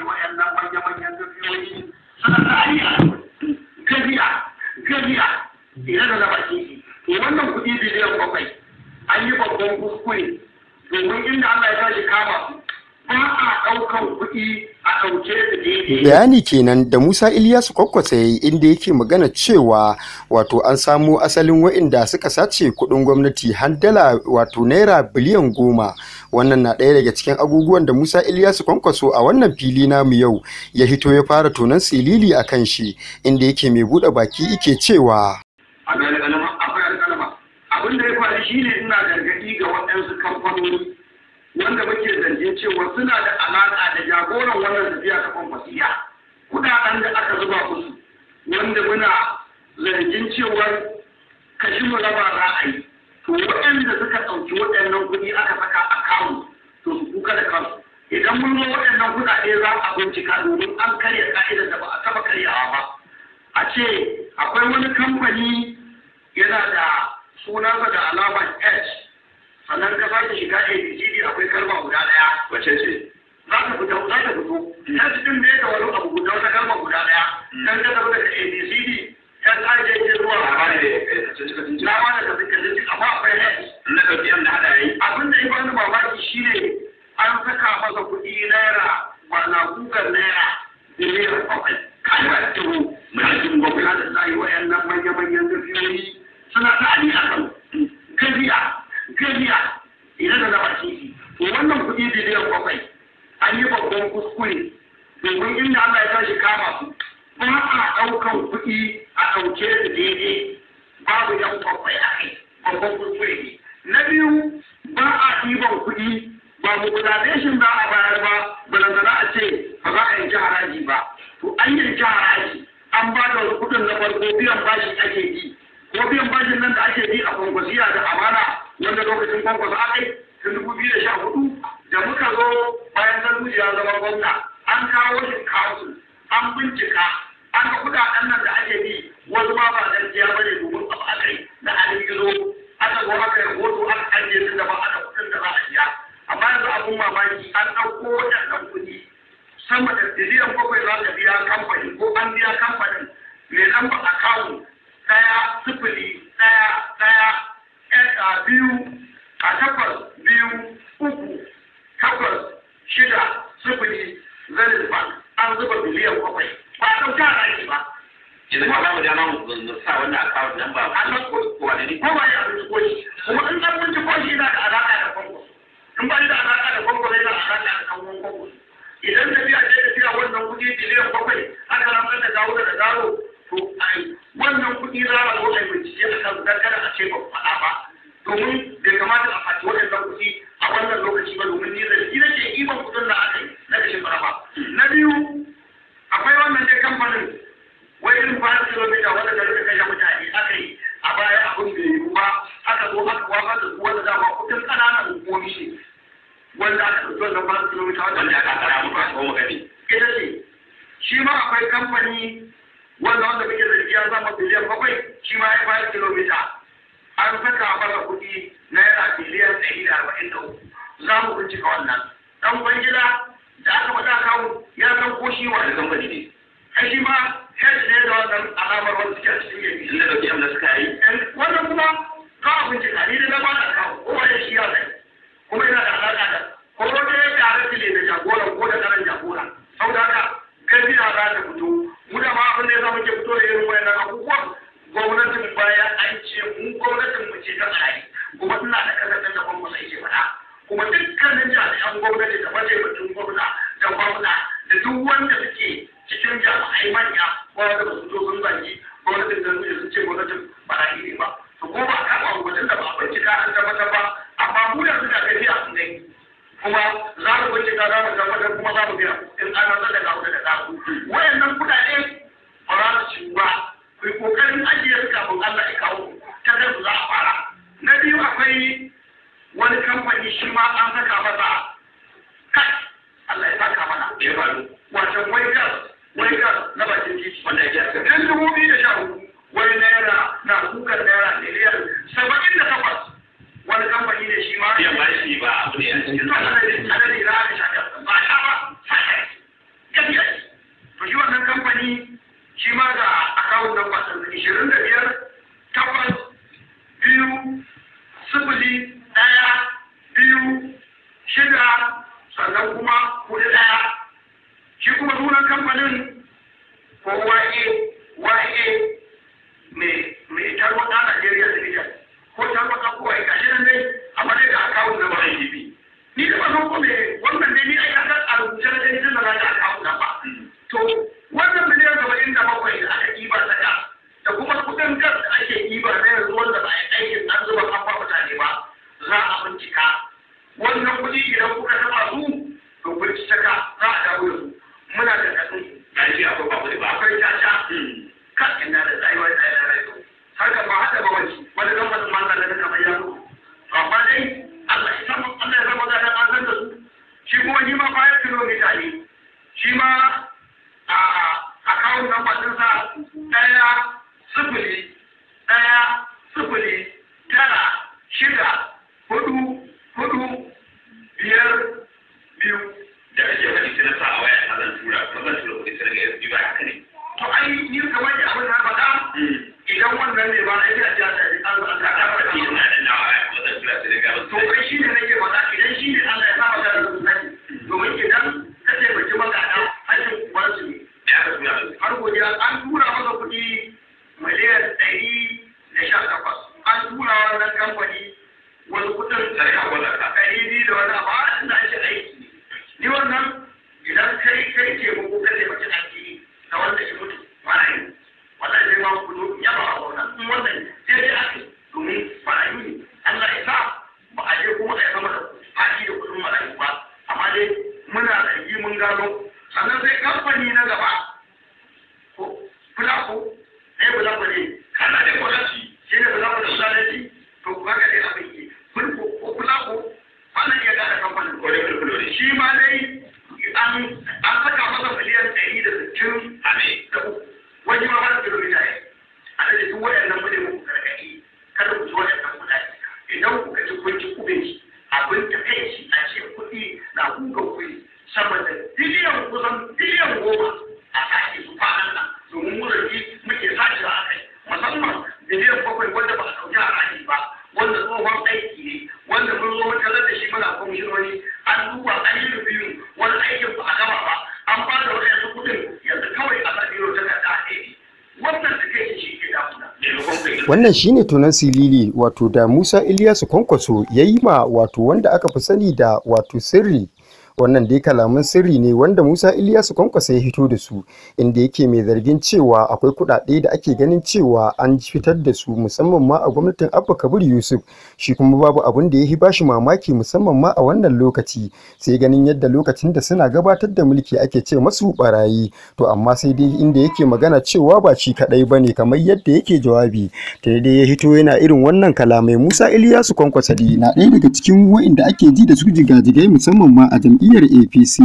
yi waɗannan manya-manyan gafiyoyi suna ta ayyuka gafiya gafiya ina da gaba shi to wannan kuɗi biliyan bakwai an yi babban kuskure domin inda Allah ya tashi kama su Bayani kenan da Musa Ilyasu kwakwata ya yi inda yake magana cewa wato an samo asalin wa'inda suka sace kudin gwamnati har dala wato naira biliyan goma. Wannan na ɗaya daga cikin abubuwan da Musa Ilyasu kwankwaso a wannan fili namu yau ya hito ya fara tonon silili a kan shi inda yake mai buɗe baki ike cewa. Abin da ya faru shine ina gargaɗi ga waɗansu kamfanoni wanda muke zance cewa suna da alaƙa da jagoran wannan tafiya ta kwankwasiya kudaden da aka zuba musu wanda muna zargin cewa kashi mu raba ra'ayi. a yi to waɗanda suka ɗauki waɗannan kuɗi aka saka a kawo to su kuka da kansu idan mun zo waɗannan kuɗaɗe za a bincika domin an karya ka'idar da ba a taɓa karyawa ba a ce akwai wani kamfani yana da sunansa da alamar h sannan ka sake shiga ABCD akwai kalma guda ɗaya wace ce za ta fito za ta fito ta cikin da ya wani abu guda wata kalma guda ɗaya dan ka tafi daga ABCD kama su ba a ɗaukan kuɗi a ɗauke su daidai babu yan kwakwai a kai babban kuskure ne na biyu ba a ɗiban kuɗi ba shi za a bayar ba balantana a ce ba za a yanki haraji ba to an yanki haraji an ba da kuɗin na farko biyan bashi ake bi ko biyan bashin nan da ake bi a kwankwasiya da amana wanda lokacin kwankwas a kai tun dubu biyu da sha hudu bincika an ga kudaden nan da ake yi wasu ma ba gaskiya ba ne domin abu aka yi na halin gizo aka zo aka yi hoto aka ajiye su da ba aka kudin da za a biya amma yanzu abun mamaki an ɗauko waɗannan kuɗi sama da biliyan bakwai za ka biya kamfani ko an biya kamfanin mai lamba kawo ɗaya sifili ɗaya ɗaya eh, biyu a takwas biyu uku takwas shida sifili zanin bank an zuba biliyan bakwai ba san a rayu ba yanzu ba za mu ja mu sa a account nan ba an san kowa ne ko ba ya rubuta ko shi kuma in zan rubuta ko shi na da alaƙa da kwakwa. in ba da alaƙa da kwakwa ne na alaƙa da kawo kwakwa. idan na biya ce da biya wannan kuɗi biliyan bakwai aka ramar da gawo da gawo to ai wannan kuɗi za ba zo a yi bincike a kan kada a ce ba faɗa ba domin wanda aka fito wannan ba su kilomita wanda aka tsara muka ko muka bi ita ce shi ma akwai kamfani wanda wanda muke zargi ya zama biliyan bakwai shi ma ya fara kilomita an saka masa kuɗi yana biliyan ɗari da arba'in da uku za mu bincika wannan ɗan bangida da aka faɗa kawo ya san ko shi wani kamfani ne ai shi ma head ne da wannan alamar wanda suke a cikin yanki da ɗauki amna suka yi wannan kuma kawo bincika ni da na ba da kawo kowa ya shi ya zai kuma yana da alaƙa da ko wanda ya tare ne da jagoran ko da karan jagora sau da haka kai za ta fito mu da ma abin da ya zama ke fito da irin wayannan gwamnati gwamnatin baya kuma za mu bincika za mu tabbatar kuma za mu biya. sani shi ma ga akawun nan da 25 ɗari da sha takwas an tura wannan kamfani everybody, I am um, I wannan shine tunan silili wato da musa iliyasu kwankwaso ya yi ma wato wanda aka fi sani da wato sirri wannan dai kalaman sirri ne wanda musa iliyasu kwankwasa ya hito da su inda yake mai zargin cewa akwai kuɗaɗe da ake ganin cewa an fitar da su musamman ma a gwamnatin abba kabir yusuf shi kuma babu abin da ya ba bashi mamaki musamman ma a wannan lokaci sai ganin yadda lokacin da suna gabatar da mulki ake ce masu barayi to amma sai dai inda yake magana cewa ba shi kaɗai ba ne kamar yadda yake jawabi ta dai ya hito yana irin wannan kalamai musa iliyasu kwankwasa na ɗaya daga cikin wa'inda ake ji da su jigajigai musamman ma a jam'iyyar jam'iyyar apc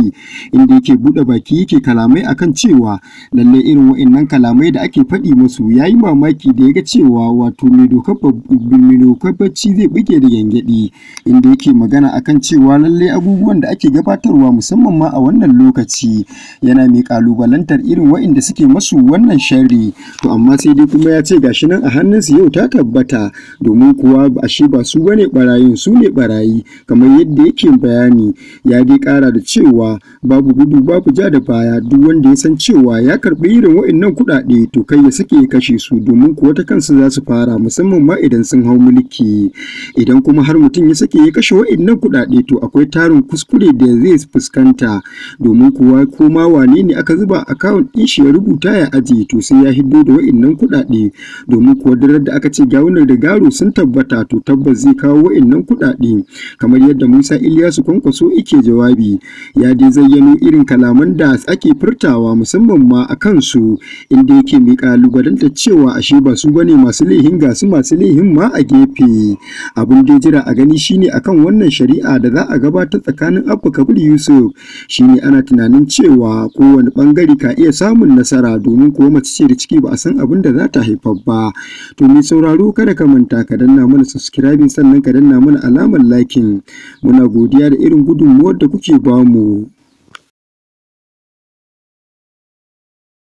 inda yake buɗe baki yake kalamai akan cewa lallai irin wa'annan kalamai da ake faɗi musu ya yi mamaki da ya ga cewa wato mai dokar bacci zai buge da gyangyaɗi inda yake magana akan cewa lallai abubuwan da ake gabatarwa musamman ma a wannan lokaci yana mai kalubalantar irin wa'anda suke masu wannan sharri to amma sai dai kuma ya ce gashi nan a hannunsu yau ta tabbata domin kuwa ashe ba su bane barayin su ne barayi kamar yadda yake bayani ya dai kara da cewa babu gudu babu ja da baya duk wanda ya san cewa ya karbi irin wa'annan kuɗaɗe to kai ya sake kashe su domin kuwa ta kansu za su fara musamman ma idan sun hau mulki idan kuma har mutum ya sake ya kashe wa'annan kuɗaɗe to akwai tarin kuskure da zai fuskanta domin kuwa koma wane ne aka zuba akawun ɗin shi ya rubuta ya ajiye to sai ya hiddo da wa'annan kuɗaɗe domin kuwa darar da aka ce gawunar da garo sun tabbata to tabbas zai kawo wa'annan kuɗaɗe kamar yadda Musa Iliyasu kwankwaso yake jawabi Alkanawi ya dai zayyano irin kalaman da ake furtawa musamman ma a kansu inda yake mai kalubalanta cewa ashe ba su bane masu laihin ga su masu laihin ma a gefe abin da jira a gani shine akan wannan shari'a da za a gabatar tsakanin Abba Kabir Yusuf shine ana tunanin cewa kowane bangare ka iya samun nasara domin kuwa mace ce da ciki ba a san abin da za ta haifar ba to mai sauraro kada ka manta ka danna mana subscribing sannan ka danna mana alamar liking muna godiya da irin gudunmuwar da kuke 寄保姆。